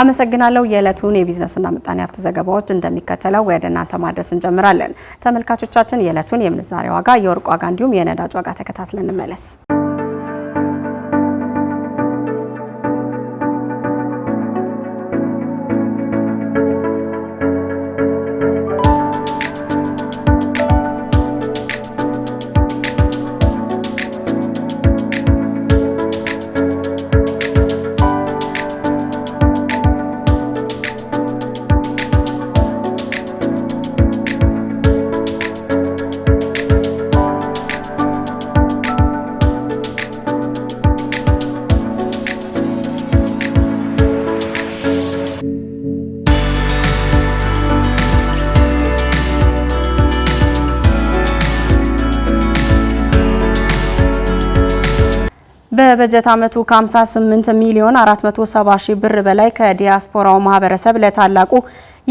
አመሰግናለሁ። የዕለቱን የቢዝነስና ምጣኔ ሀብት ዘገባዎች እንደሚከተለው ወደ እናንተ ማድረስ እንጀምራለን። ተመልካቾቻችን የዕለቱን የምንዛሬ ዋጋ፣ የወርቅ ዋጋ እንዲሁም የነዳጅ ዋጋ ተከታትለን እንመለስ። በበጀት ዓመቱ ከ58 ሚሊዮን 470 ሺህ ብር በላይ ከዲያስፖራው ማህበረሰብ ለታላቁ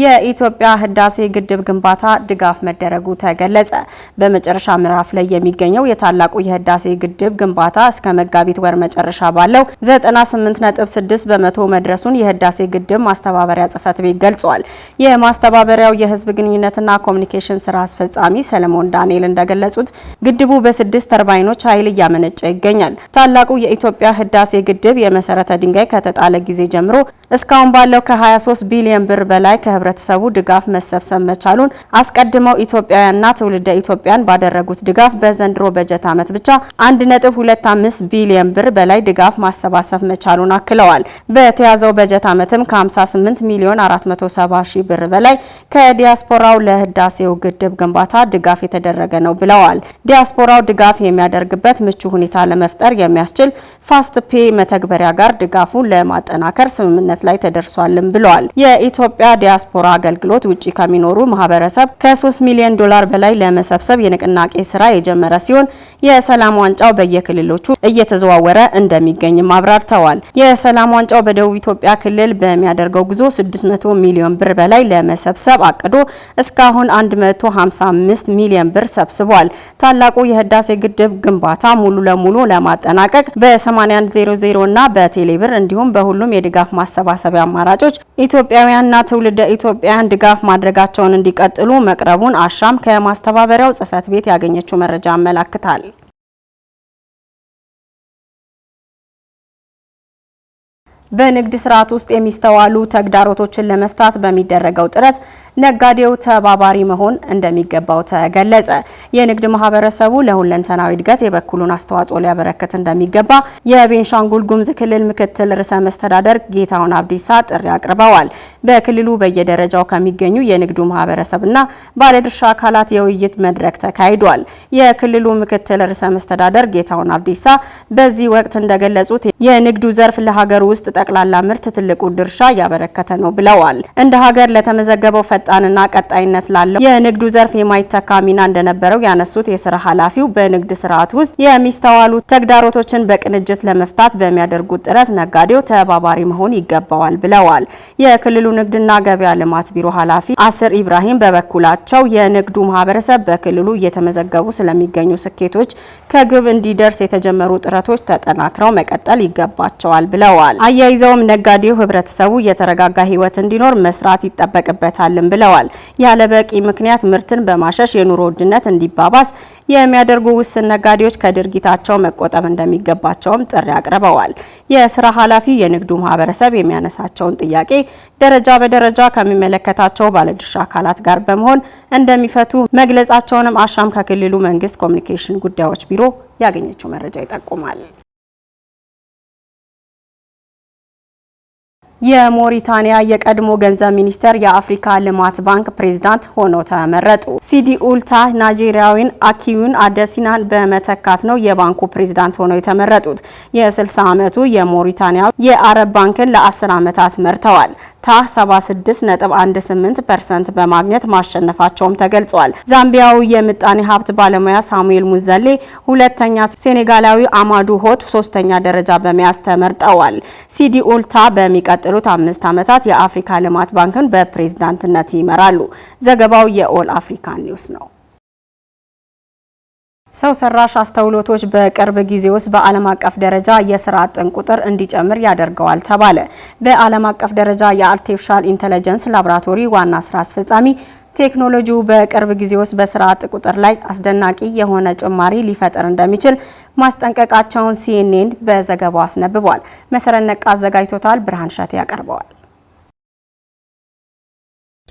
የኢትዮጵያ ህዳሴ ግድብ ግንባታ ድጋፍ መደረጉ ተገለጸ። በመጨረሻ ምዕራፍ ላይ የሚገኘው የታላቁ የህዳሴ ግድብ ግንባታ እስከ መጋቢት ወር መጨረሻ ባለው 98.6 በመቶ መድረሱን የህዳሴ ግድብ ማስተባበሪያ ጽህፈት ቤት ገልጿል። የማስተባበሪያው የህዝብ ግንኙነትና ኮሚኒኬሽን ስራ አስፈጻሚ ሰለሞን ዳንኤል እንደገለጹት ግድቡ በስድስት ተርባይኖች ኃይል እያመነጨ ይገኛል። ታላቁ የኢትዮጵያ ህዳሴ ግድብ የመሰረተ ድንጋይ ከተጣለ ጊዜ ጀምሮ እስካሁን ባለው ከ23 ቢሊዮን ብር በላይ ከ ከህብረተሰቡ ድጋፍ መሰብሰብ መቻሉን አስቀድመው ኢትዮጵያውያንና ትውልደ ኢትዮጵያን ባደረጉት ድጋፍ በዘንድሮ በጀት ዓመት ብቻ 1.25 ቢሊዮን ብር በላይ ድጋፍ ማሰባሰብ መቻሉን አክለዋል። በተያዘው በጀት ዓመትም ከ58 ሚሊዮን 470 ሺህ ብር በላይ ከዲያስፖራው ለህዳሴው ግድብ ግንባታ ድጋፍ የተደረገ ነው ብለዋል። ዲያስፖራው ድጋፍ የሚያደርግበት ምቹ ሁኔታ ለመፍጠር የሚያስችል ፋስት ፔ መተግበሪያ ጋር ድጋፉን ለማጠናከር ስምምነት ላይ ተደርሷልም ብለዋል። የኢትዮጵያ ዲያስ ዲያስፖራ አገልግሎት ውጪ ከሚኖሩ ማህበረሰብ ከ3 ሚሊዮን ዶላር በላይ ለመሰብሰብ የንቅናቄ ስራ የጀመረ ሲሆን የሰላም ዋንጫው በየክልሎቹ እየተዘዋወረ እንደሚገኝም አብራርተዋል። የሰላም ዋንጫው በደቡብ ኢትዮጵያ ክልል በሚያደርገው ጉዞ 600 ሚሊዮን ብር በላይ ለመሰብሰብ አቅዶ እስካሁን 155 ሚሊዮን ብር ሰብስቧል። ታላቁ የህዳሴ ግድብ ግንባታ ሙሉ ለሙሉ ለማጠናቀቅ በ8100 እና በቴሌብር እንዲሁም በሁሉም የድጋፍ ማሰባሰቢያ አማራጮች ኢትዮጵያውያንና ትውልደ ኢትዮጵያውያን ድጋፍ ማድረጋቸውን እንዲቀጥሉ መቅረቡን አሻም ከማስተባበሪያው ጽህፈት ቤት ያገኘችው መረጃ አመላክታል። በንግድ ስርዓት ውስጥ የሚስተዋሉ ተግዳሮቶችን ለመፍታት በሚደረገው ጥረት ነጋዴው ተባባሪ መሆን እንደሚገባው ተገለጸ። የንግድ ማህበረሰቡ ለሁለንተናዊ እድገት የበኩሉን አስተዋጽኦ ሊያበረክት እንደሚገባ የቤንሻንጉል ጉምዝ ክልል ምክትል ርዕሰ መስተዳደር ጌታሁን አብዲሳ ጥሪ አቅርበዋል። በክልሉ በየደረጃው ከሚገኙ የንግዱ ማህበረሰብና ባለድርሻ አካላት የውይይት መድረክ ተካሂዷል። የክልሉ ምክትል ርዕሰ መስተዳደር ጌታሁን አብዲሳ በዚህ ወቅት እንደገለጹት የንግዱ ዘርፍ ለሀገር ውስጥ ጠቅላላ ምርት ትልቁ ድርሻ እያበረከተ ነው ብለዋል። እንደ ሀገር ለተመዘገበው ፈጣንና ቀጣይነት ላለው የንግዱ ዘርፍ የማይተካ ሚና እንደነበረው ያነሱት የስራ ኃላፊው በንግድ ስርዓት ውስጥ የሚስተዋሉ ተግዳሮቶችን በቅንጅት ለመፍታት በሚያደርጉት ጥረት ነጋዴው ተባባሪ መሆን ይገባዋል ብለዋል። የክልሉ ንግድና ገበያ ልማት ቢሮ ኃላፊ አስር ኢብራሂም በበኩላቸው የንግዱ ማህበረሰብ በክልሉ እየተመዘገቡ ስለሚገኙ ስኬቶች ከግብ እንዲደርስ የተጀመሩ ጥረቶች ተጠናክረው መቀጠል ይገባቸዋል ብለዋል። አያይዘውም ነጋዴው ህብረተሰቡ የተረጋጋ ህይወት እንዲኖር መስራት ይጠበቅበታልም ብለዋል። ያለ በቂ ምክንያት ምርትን በማሸሽ የኑሮ ውድነት እንዲባባስ የሚያደርጉ ውስን ነጋዴዎች ከድርጊታቸው መቆጠብ እንደሚገባቸውም ጥሪ አቅርበዋል። የስራ ኃላፊው የንግዱ ማህበረሰብ የሚያነሳቸውን ጥያቄ ደረጃ በደረጃ ከሚመለከታቸው ባለድርሻ አካላት ጋር በመሆን እንደሚፈቱ መግለጻቸውንም አሻም ከክልሉ መንግስት ኮሚኒኬሽን ጉዳዮች ቢሮ ያገኘችው መረጃ ይጠቁማል። የሞሪታኒያ የቀድሞ ገንዘብ ሚኒስተር የአፍሪካ ልማት ባንክ ፕሬዝዳንት ሆነው ተመረጡ። ሲዲ ኡልታ ናይጄሪያዊን አኪዩን አደሲናን በመተካት ነው የባንኩ ፕሬዝዳንት ሆነው የተመረጡት። የ60 ዓመቱ የሞሪታንያ የአረብ ባንክን ለ10 ዓመታት መርተዋል። ታ 76.18% በማግኘት ማሸነፋቸውም ተገልጿል። ዛምቢያዊ የምጣኔ ሀብት ባለሙያ ሳሙኤል ሙዘሌ ሁለተኛ፣ ሴኔጋላዊ አማዱ ሆት ሶስተኛ ደረጃ በመያዝ ተመርጠዋል። ሲዲ ኡልታ በሚቀጥ ለሚቀጥሉት አምስት ዓመታት የአፍሪካ ልማት ባንክን በፕሬዝዳንትነት ይመራሉ። ዘገባው የኦል አፍሪካ ኒውስ ነው። ሰው ሰራሽ አስተውሎቶች በቅርብ ጊዜ ውስጥ በዓለም አቀፍ ደረጃ የስራ አጥን ቁጥር እንዲጨምር ያደርገዋል ተባለ። በዓለም አቀፍ ደረጃ የአርቲፊሻል ኢንተለጀንስ ላቦራቶሪ ዋና ስራ አስፈጻሚ ቴክኖሎጂው በቅርብ ጊዜ ውስጥ በስርዓት ቁጥር ላይ አስደናቂ የሆነ ጭማሪ ሊፈጥር እንደሚችል ማስጠንቀቃቸውን ሲኤንኤን በዘገባው አስነብቧል። መሰረት ነቃ አዘጋጅቶታል። ብርሃን ሸቴ ያቀርበዋል።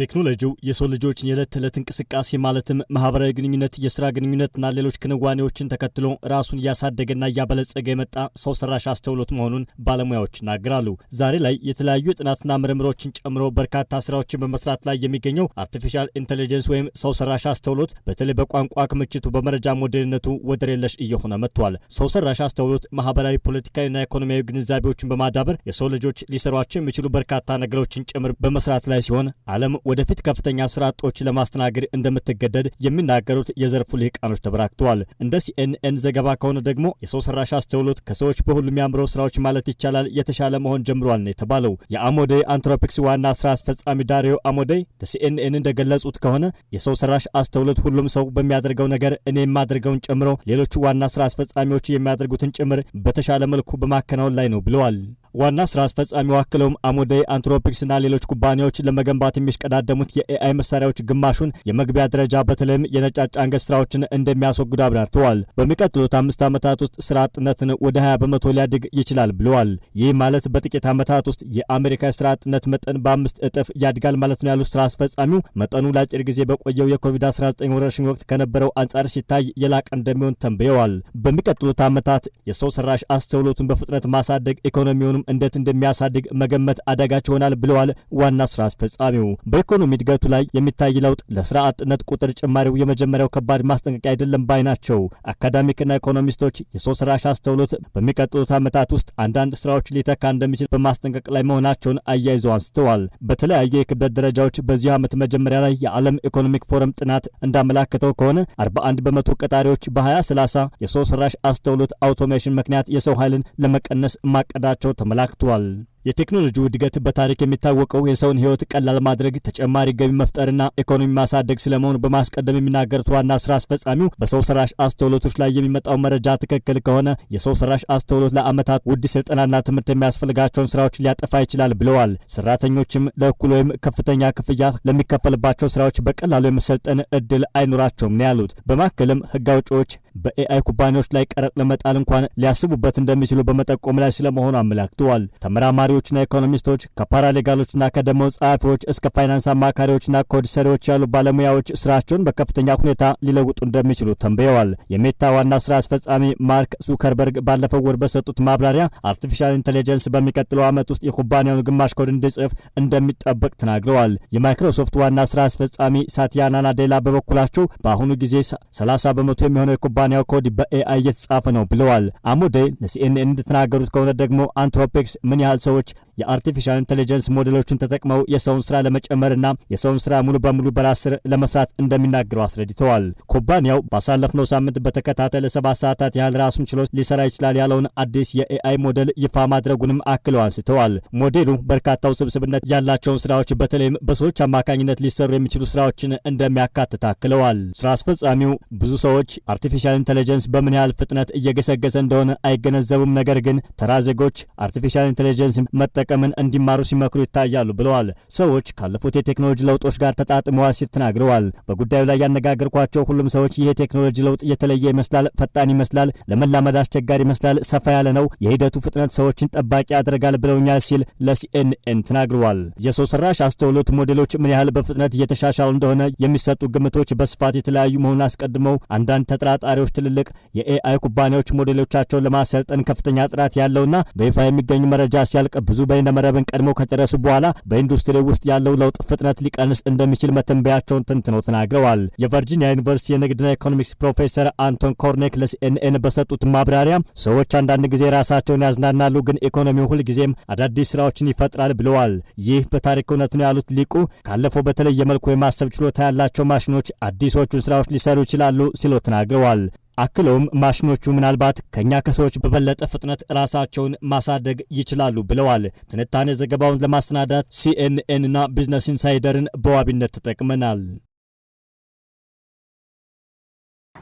ቴክኖሎጂው የሰው ልጆችን የዕለት ተዕለት እንቅስቃሴ ማለትም ማህበራዊ ግንኙነት፣ የስራ ግንኙነትና ሌሎች ክንዋኔዎችን ተከትሎ ራሱን እያሳደገና እያበለጸገ የመጣ ሰው ሰራሽ አስተውሎት መሆኑን ባለሙያዎች ይናገራሉ። ዛሬ ላይ የተለያዩ የጥናትና ምርምሮችን ጨምሮ በርካታ ስራዎችን በመስራት ላይ የሚገኘው አርቲፊሻል ኢንቴሊጀንስ ወይም ሰው ሰራሽ አስተውሎት በተለይ በቋንቋ ክምችቱ፣ በመረጃ ሞዴልነቱ ወደር የለሽ እየሆነ መጥቷል። ሰው ሰራሽ አስተውሎት ማህበራዊ፣ ፖለቲካዊና ኢኮኖሚያዊ ግንዛቤዎችን በማዳበር የሰው ልጆች ሊሰሯቸው የሚችሉ በርካታ ነገሮችን ጭምር በመስራት ላይ ሲሆን አለም ወደፊት ከፍተኛ ስራ አጦች ለማስተናገድ እንደምትገደድ የሚናገሩት የዘርፉ ልሂቃኖች ተበራክተዋል። እንደ ሲኤንኤን ዘገባ ከሆነ ደግሞ የሰው ሰራሽ አስተውሎት ከሰዎች በሁሉ የሚያምረው ስራዎች ማለት ይቻላል የተሻለ መሆን ጀምሯል ነው የተባለው። የአሞዴ አንትሮፒክስ ዋና ስራ አስፈጻሚ ዳሪዮ አሞዴ ለሲኤንኤን እንደገለጹት ከሆነ የሰው ሰራሽ አስተውሎት ሁሉም ሰው በሚያደርገው ነገር እኔ የማደርገውን ጨምሮ ሌሎቹ ዋና ስራ አስፈጻሚዎች የሚያደርጉትን ጭምር በተሻለ መልኩ በማከናወን ላይ ነው ብለዋል። ዋና ስራ አስፈጻሚ ዋክለውም አሞዴይ አንትሮፒክስና ሌሎች ኩባንያዎች ለመገንባት የሚሽቀዳደሙት የኤአይ መሳሪያዎች ግማሹን የመግቢያ ደረጃ በተለይም የነጫጭ አንገት ስራዎችን እንደሚያስወግዱ አብራርተዋል። በሚቀጥሉት አምስት ዓመታት ውስጥ ስራ አጥነትን ወደ 20 በመቶ ሊያድግ ይችላል ብለዋል። ይህ ማለት በጥቂት ዓመታት ውስጥ የአሜሪካ የስራ አጥነት መጠን በአምስት እጥፍ ያድጋል ማለት ነው ያሉት ስራ አስፈጻሚው መጠኑ ለአጭር ጊዜ በቆየው የኮቪድ-19 ወረርሽኝ ወቅት ከነበረው አንጻር ሲታይ የላቀ እንደሚሆን ተንብየዋል። በሚቀጥሉት ዓመታት የሰው ሰራሽ አስተውሎቱን በፍጥነት ማሳደግ ኢኮኖሚውን ኢኮኖሚውን እንዴት እንደሚያሳድግ መገመት አዳጋች ይሆናል ብለዋል ዋና ስራ አስፈጻሚው። በኢኮኖሚ እድገቱ ላይ የሚታይ ለውጥ ለስራ አጥነት ቁጥር ጭማሪው የመጀመሪያው ከባድ ማስጠንቀቂያ አይደለም ባይ ናቸው። አካዳሚክና ኢኮኖሚስቶች የሰው ሰራሽ አስተውሎት በሚቀጥሉት ዓመታት ውስጥ አንዳንድ ስራዎች ሊተካ እንደሚችል በማስጠንቀቅ ላይ መሆናቸውን አያይዘው አንስተዋል። በተለያየ የክብደት ደረጃዎች በዚሁ ዓመት መጀመሪያ ላይ የዓለም ኢኮኖሚክ ፎረም ጥናት እንዳመላከተው ከሆነ 41 በመቶ ቀጣሪዎች በ2030 የሰው ሰራሽ አስተውሎት አውቶሜሽን ምክንያት የሰው ኃይልን ለመቀነስ ማቀዳቸው malaktual የቴክኖሎጂው እድገት በታሪክ የሚታወቀው የሰውን ህይወት ቀላል ማድረግ ተጨማሪ ገቢ መፍጠርና ኢኮኖሚ ማሳደግ ስለመሆኑ በማስቀደም የሚናገሩት ዋና ስራ አስፈጻሚው በሰው ሰራሽ አስተውሎቶች ላይ የሚመጣው መረጃ ትክክል ከሆነ የሰው ሰራሽ አስተውሎት ለአመታት ውድ ስልጠናና ትምህርት የሚያስፈልጋቸውን ስራዎች ሊያጠፋ ይችላል ብለዋል። ሰራተኞችም ለእኩል ወይም ከፍተኛ ክፍያ ለሚከፈልባቸው ስራዎች በቀላሉ የመሰልጠን እድል አይኖራቸውም ነው ያሉት። በማከልም ህግ አውጪዎች በኤአይ ኩባንያዎች ላይ ቀረጥ ለመጣል እንኳን ሊያስቡበት እንደሚችሉ በመጠቆም ላይ ስለመሆኑ አመላክተዋል። ተመራማሪ ተመራማሪዎችና ኢኮኖሚስቶች ከፓራሌጋሎችና ከደሞዝ ጸሐፊዎች እስከ ፋይናንስ አማካሪዎችና ኮድ ሰሪዎች ያሉ ባለሙያዎች ስራቸውን በከፍተኛ ሁኔታ ሊለውጡ እንደሚችሉ ተንብየዋል። የሜታ ዋና ስራ አስፈጻሚ ማርክ ዙከርበርግ ባለፈው ወር በሰጡት ማብራሪያ አርቲፊሻል ኢንቴሊጀንስ በሚቀጥለው ዓመት ውስጥ የኩባንያውን ግማሽ ኮድ እንዲጽፍ እንደሚጠበቅ ተናግረዋል። የማይክሮሶፍት ዋና ስራ አስፈጻሚ ሳቲያናና ናዴላ በበኩላቸው በአሁኑ ጊዜ 30 በመቶ የሚሆነው የኩባንያው ኮድ በኤአይ እየተጻፈ ነው ብለዋል። አሙዴ ለሲኤንኤን እንደተናገሩት ከሆነ ደግሞ አንትሮፒክስ ምን ያህል ሰው approach የአርቲፊሻል ኢንቴሊጀንስ ሞዴሎችን ተጠቅመው የሰውን ስራ ለመጨመርና የሰውን ስራ ሙሉ በሙሉ በራስ ስር ለመስራት እንደሚናገሩ አስረድተዋል። ኩባንያው ባሳለፍነው ሳምንት በተከታተለ ለሰባት ሰዓታት ያህል ራሱን ችሎ ሊሰራ ይችላል ያለውን አዲስ የኤአይ ሞዴል ይፋ ማድረጉንም አክለው አንስተዋል። ሞዴሉ በርካታ ውስብስብነት ያላቸውን ስራዎች በተለይም በሰዎች አማካኝነት ሊሰሩ የሚችሉ ስራዎችን እንደሚያካትት አክለዋል። ስራ አስፈጻሚው ብዙ ሰዎች አርቲፊሻል ኢንቴሊጀንስ በምን ያህል ፍጥነት እየገሰገሰ እንደሆነ አይገነዘቡም፣ ነገር ግን ተራ ዜጎች አርቲፊሻል ኢንቴሊጀንስ መጠቀም መጠቀምን እንዲማሩ ሲመክሩ ይታያሉ ብለዋል። ሰዎች ካለፉት የቴክኖሎጂ ለውጦች ጋር ተጣጥመዋል ሲል ተናግረዋል። በጉዳዩ ላይ ያነጋገርኳቸው ሁሉም ሰዎች ይህ የቴክኖሎጂ ለውጥ የተለየ ይመስላል፣ ፈጣን ይመስላል፣ ለመላመድ አስቸጋሪ ይመስላል፣ ሰፋ ያለ ነው፣ የሂደቱ ፍጥነት ሰዎችን ጠባቂ ያደርጋል ብለውኛል ሲል ለሲኤንኤን ተናግረዋል። የሰው ሰራሽ አስተውሎት ሞዴሎች ምን ያህል በፍጥነት እየተሻሻሉ እንደሆነ የሚሰጡ ግምቶች በስፋት የተለያዩ መሆኑን አስቀድመው አንዳንድ ተጠራጣሪዎች ትልልቅ የኤአይ ኩባንያዎች ሞዴሎቻቸውን ለማሰልጠን ከፍተኛ ጥራት ያለውና በይፋ የሚገኝ መረጃ ሲያልቅ ብዙ በ በይነ መረብን ቀድሞ ከጨረሱ በኋላ በኢንዱስትሪ ውስጥ ያለው ለውጥ ፍጥነት ሊቀንስ እንደሚችል መተንበያቸውን ትንትነው ተናግረዋል። የቨርጂኒያ ዩኒቨርሲቲ የንግድና ኢኮኖሚክስ ፕሮፌሰር አንቶን ኮርኔክ ለሲኤንኤን በሰጡት ማብራሪያ ሰዎች አንዳንድ ጊዜ ራሳቸውን ያዝናናሉ፣ ግን ኢኮኖሚው ሁልጊዜም አዳዲስ ስራዎችን ይፈጥራል ብለዋል። ይህ በታሪክ እውነት ነው ያሉት ሊቁ ካለፈው በተለየ መልኩ የማሰብ ችሎታ ያላቸው ማሽኖች አዲሶቹን ስራዎች ሊሰሩ ይችላሉ ሲሉ ተናግረዋል። አክለውም ማሽኖቹ ምናልባት ከእኛ ከሰዎች በበለጠ ፍጥነት ራሳቸውን ማሳደግ ይችላሉ ብለዋል። ትንታኔ ዘገባውን ለማሰናዳት ሲኤንኤን እና ቢዝነስ ኢንሳይደርን በዋቢነት ተጠቅመናል።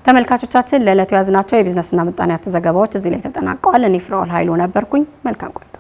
ተመልካቾቻችን ለዕለቱ ያዝናቸው የቢዝነስና ምጣኔ ሀብት ዘገባዎች እዚህ ላይ ተጠናቀዋል። እኔ ፍራውል ኃይሉ ነበርኩኝ። መልካም ቆይታ